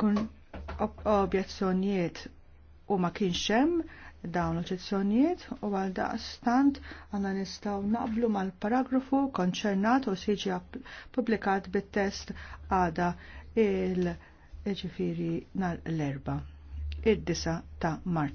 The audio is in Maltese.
kun objezzjonijiet u ma kienx hemm dawn l-oċezzjonijiet u għal daqstant għanna nistaw naqblu mal-paragrafu konċernat u siġi publikat bit-test għada il-ġifiri nal erba id-disa ta' Mart.